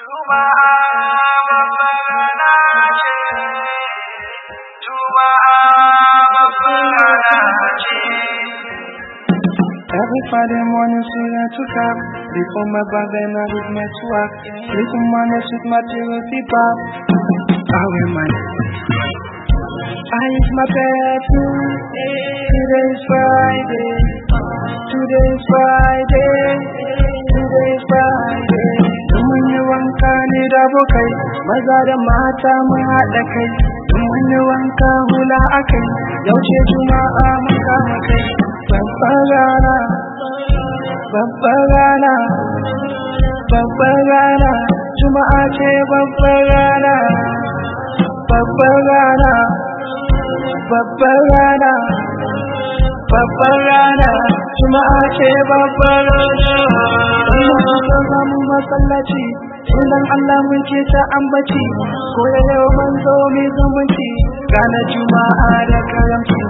Every Friday morning, sing and to cap. Before my bank, then I with my swag. Little money, sweet material, people. I wear my I use my perfume. Today is Friday. Today is Friday. abokai maza da mata mun haɗa kai mun wani wanka hula akai yaushe juma'a maka kama kai babbar rana babbar rana babbar rana juma'a ce babbar rana babbar rana babbar rana babbar rana juma'a ce babbar rana masallaci Sunan Allah mun ce ta ambaci, ko ya yau mun zo mai zumunci, ranar Juma'a da karamci.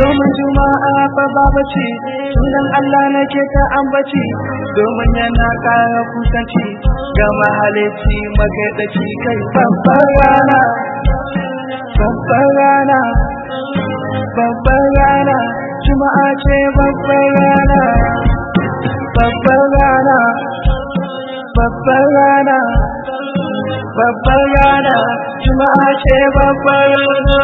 Domin Juma'a fa ci sunan Allah na ke ta ambaci, domin yana ƙara kusanci, ga mahalicci magadaci kai babbar rana. Babbar rana, babbar rana, Juma'a ce babbar rana, babbar rana. babbagana babbagana juma'a ce babbagana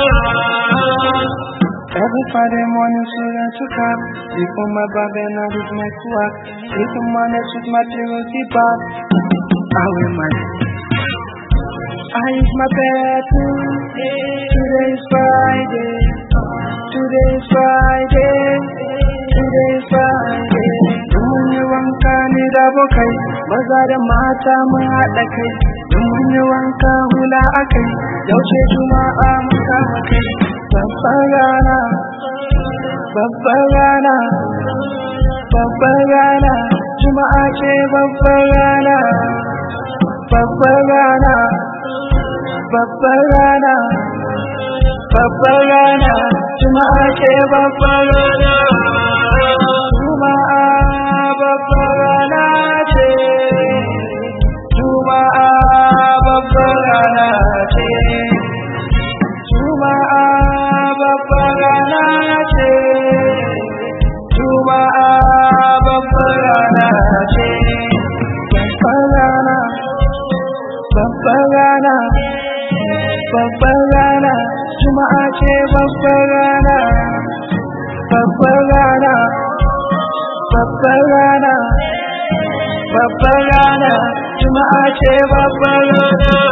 Every Friday morning, students to come. Before my bed and I with my quack. Sleep on my neck my pillow to up. I will my I use my bed. Today is Friday. Today is abokai maza da mata mun haɗa kai in mun yi wanka hula akai yaushe juma'a mun kama kai babbar rana babbar rana babbar rana juma'a ce babbar rana babbar rana babbar rana babbar rana juma'a ce babbar babbar rana juma'a ce babbar rana babbar rana babbar rana babbar rana juma'a ce babbar rana